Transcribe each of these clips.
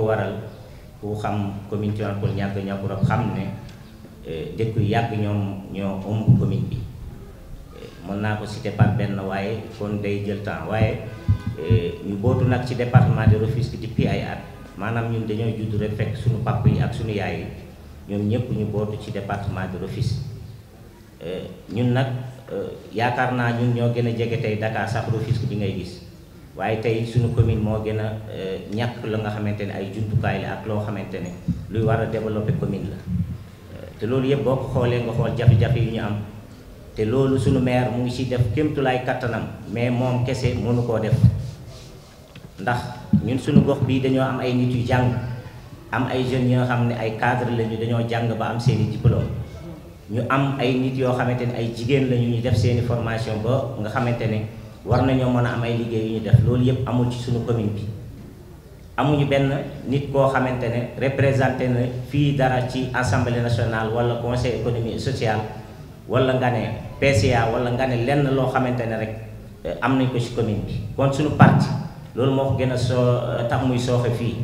ko waral ku xam commune Tivaouane-Peulh ñàgg ñàkkul ab xam ne e, dëkk yàgg ñoom ñoo ëmb commune bi e, mën naa ko citer benn waaye kon day jël temps waaye e, ñu bootu nag ci département de Rufisque depuis ay at maanaam ñun dañoo judd rek suñu papa yi ak suñu yaay ñoom ñëpp ñu bootu ci département de Rufisque ñun nag yaakaar naa ñun ñoo gën a jege tey Dakar sax Rufisque bi ngay gis waaye tey suñu commune moo gën a euh, ñàkk la nga xamante ne ay jumtukaay la ak loo xamante ne luy war a développer commune la euh, te loolu yëpp boo ko xoolee nga xool jafe-jafe yu ñu am te loolu suñu maire mu ngi ci def kémtulaay kattanam mais moom kese mënu koo def ndax ñun suñu box bii dañoo am ay nit yu jàng am ay jeunes yoo xam ne ay cadre lañu dañoo jàng ba am seeni diplôme ñu am ay nit yoo xamante ne ay jigéen lañu ñu def seeni formation ba nga xamante ne war nañoo mën a am liggéey yu ñu def loolu yëpp amul ci suñu commune bi amuñu benn nit koo xamante ne représenté na fii dara ci assemblée nationale wala conseil économique et social wala nga ne PCA wala nga ne lenn loo xamante ne rek eh, am nañ ko ci commune bi kon suñu parti loolu moo ko gën a so eh, tax muy sooxe fii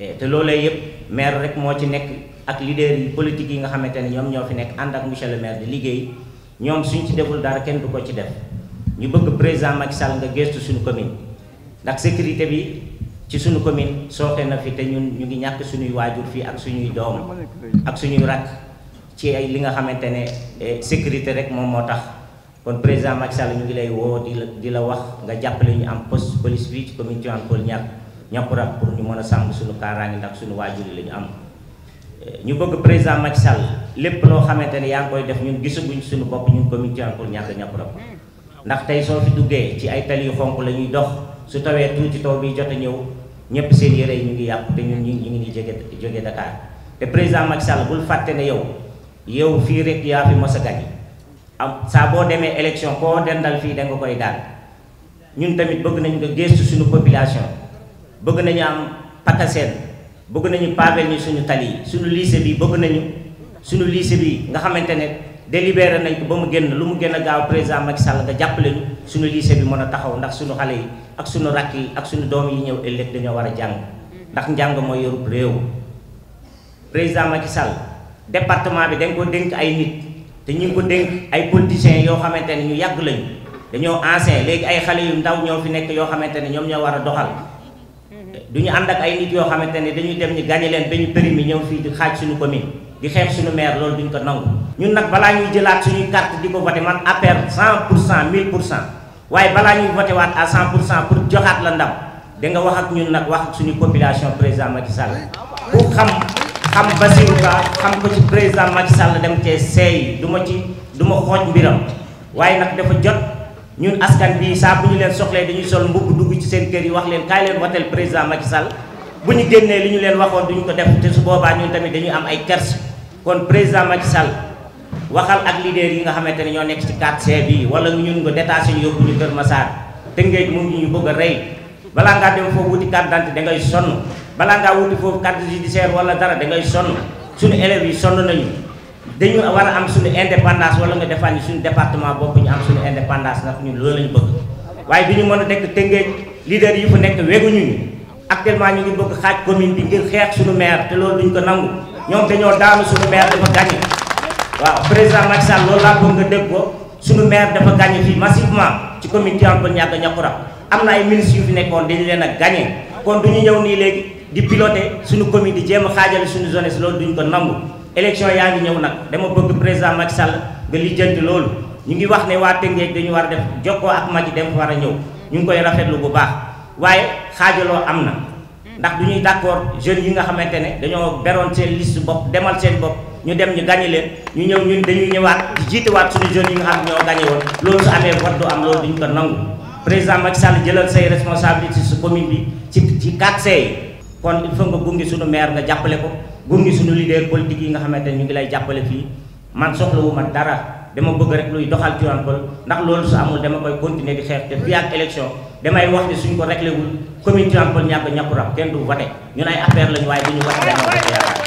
eh, te loolee yëpp maire rek moo ci nekk ak leader yi politique yi nga xamante ne ñoom ñoo fi nekk ànd ak monsieur le maire di liggéey ñoom suñ ci deful dara kenn du ko ci def ñu bëgg président Macky Sall nga gestu suñu commune ndax sécurité bi ci suñu commune sooxe na fi te ñun ñu ngi ñàkk suñuy waajur fii ak suñuy doom ak suñuy rakk ci ay li nga xamante ne eh, sécurité rek moom moo tax kon président Macky Sall ñu ngi lay woo di la di la wax nga jàppale ñu am poste police bi ci commune Tivaouane Peulh ñàkk ñàkkurab pour ñu mën a sàmm suñu kaaraange ndax suñu waajur yi la ñu am eh, ñu bëgg président Macky Sall lépp loo xamante ne yaa ngi koy def ñun gisaguñ suñu bopp ñun commune Tivaouane Peulh ñàkk ñàkkurab ndax tey soo fi duggee ci ay tali yu xonq la ñuy dox su tawee tuuti taw bi jot a ñëw ñëpp seen yére yi ñu ngi yàqu te ñun ñu ngi ñu ngi jóge jóge Dakar te président Macky Sall bul fàtte ne yow yow fii rek yaa fi mos a gañ am saa boo demee élection koo dendal fii da nga koy daal ñun tamit bëgg nañu nga gëstu suñu population bëgg nañu am pakaseen bëgg nañu pavel ñu suñu tali suñu lycée bi bëgg nañu suñu lycée bi nga xamante ne. délibéré nañ ko ba mu génn lu mu gën a gaaw président Macky Sall nga jàpp ñu suñu lycée bi mën a taxaw ndax suñu xale yi ak suñu rakk yi ak suñu doom yi ñëw ëllëg dañoo war a jàng ndax njàng mooy yorub réew président Macky Sall département bi dañ ko dénk ay nit te ñu ko dénk ay politiciens yoo xamante ne ñu yàgg lañu dañoo ancien léegi ay xale yu ndaw ñoo fi nekk yoo xamante ne ñoom ñoo war a doxal du ñu ànd ak ay nit yoo xamante ni dañuy dem ñu gàñe leen ba ñu périm ñëw fii di xaaj suñu commune di xeex suñu maire loolu duñu ko nangu. ñun nag balaa ñuy jëlaat suñuy carte di ko voté man APR cent pour cent mille pour cent waaye balaa ñuy voté waat à 100 pour cent pour joxaat la ndam danga wax ak ñun nag wax ak suñu population président Macky Sall ku xam xam Bassirou Ka xam ko ci président Macky Sall dem cee seey duma ci du ma xooj mbiram waaye nag dafa jot ñun askan bi saa bu ñu leen soxlee dañuy sol mbubb dugg ci seen kër yi wax leen kaay leen woteel président Macky Sall bu ñu génnee li ñu leen waxoon duñu ko def te su boobaa ñun tamit dañuy am ay kers kon président Macky Sall waxal ak leader yi nga xamante ne ñoo nekk ci 4C bi wala ñun nga détaché ñu yóbbu ñu Kër Massar Tëngéej mu ngi bëgg a rey balaa ngaa dem foofu wuti carte d'identité da ngay sonn balaa ngaa wuti foofu carte judiciaire wala dara da ngay sonn suñu élèves yi sonn nañu dañu war a am suñu indépendance wala nga defaan ñu suñu département bopp ñu am suñu indépendance ndax ñun loolu lañu bëgg waaye bi ñu mën a nekk Tëngéej leader yi fu ñoom dañoo daanu suñu maire dafa gagné waaw président Macky Sall loolu laa bëgg nga dégg ko suñu maire dafa gagné fii massivement ci commune Tivaouane Niaga Niakoura am na ay minis yu fi nekkoon dañu leen a gagné kon du ñu ñëw nii léegi di piloté suñu commune di jéem a xaajale suñu jeunesse loolu duñ ko nangu élection yaa ngi ñëw nag dama bëgg président Macky Sall nga lijjanti loolu ñu ngi wax ne waa Tëngéej dañu war a def jokkoo ak Macky dem war a ñëw ñu ngi koy rafetlu bu baax ndax du ñuy d'accord jeunes yi nga xamante ne dañoo beroon seen liste bopp demal seen bopp ñu dem ñu gañe leen ñu ñëw ñun dañuy ñëwaat di jiitewaat suñu jeunes yi nga xam ñoo gañe woon loolu su amee vote am loolu duñ ko nangu président Macky Sall jëlal say responsabilité su commune bi ci ci 4C kon il faut nga gungi suñu maire nga jàppale ko gungi suñu leader politique yi nga xamante ne ñu ngi lay jàppale fii man soxlawu ma dara dama bëgg rek luy doxal Tivaouane Peulh ndax loolu su amul dama koy continuer di xeex damay wax ni suñ ko réglé wul commune Tivaouane Peulh Niaga Niakoul Rap kenn du voté ñun ay affaire lañu waaye du ñu voté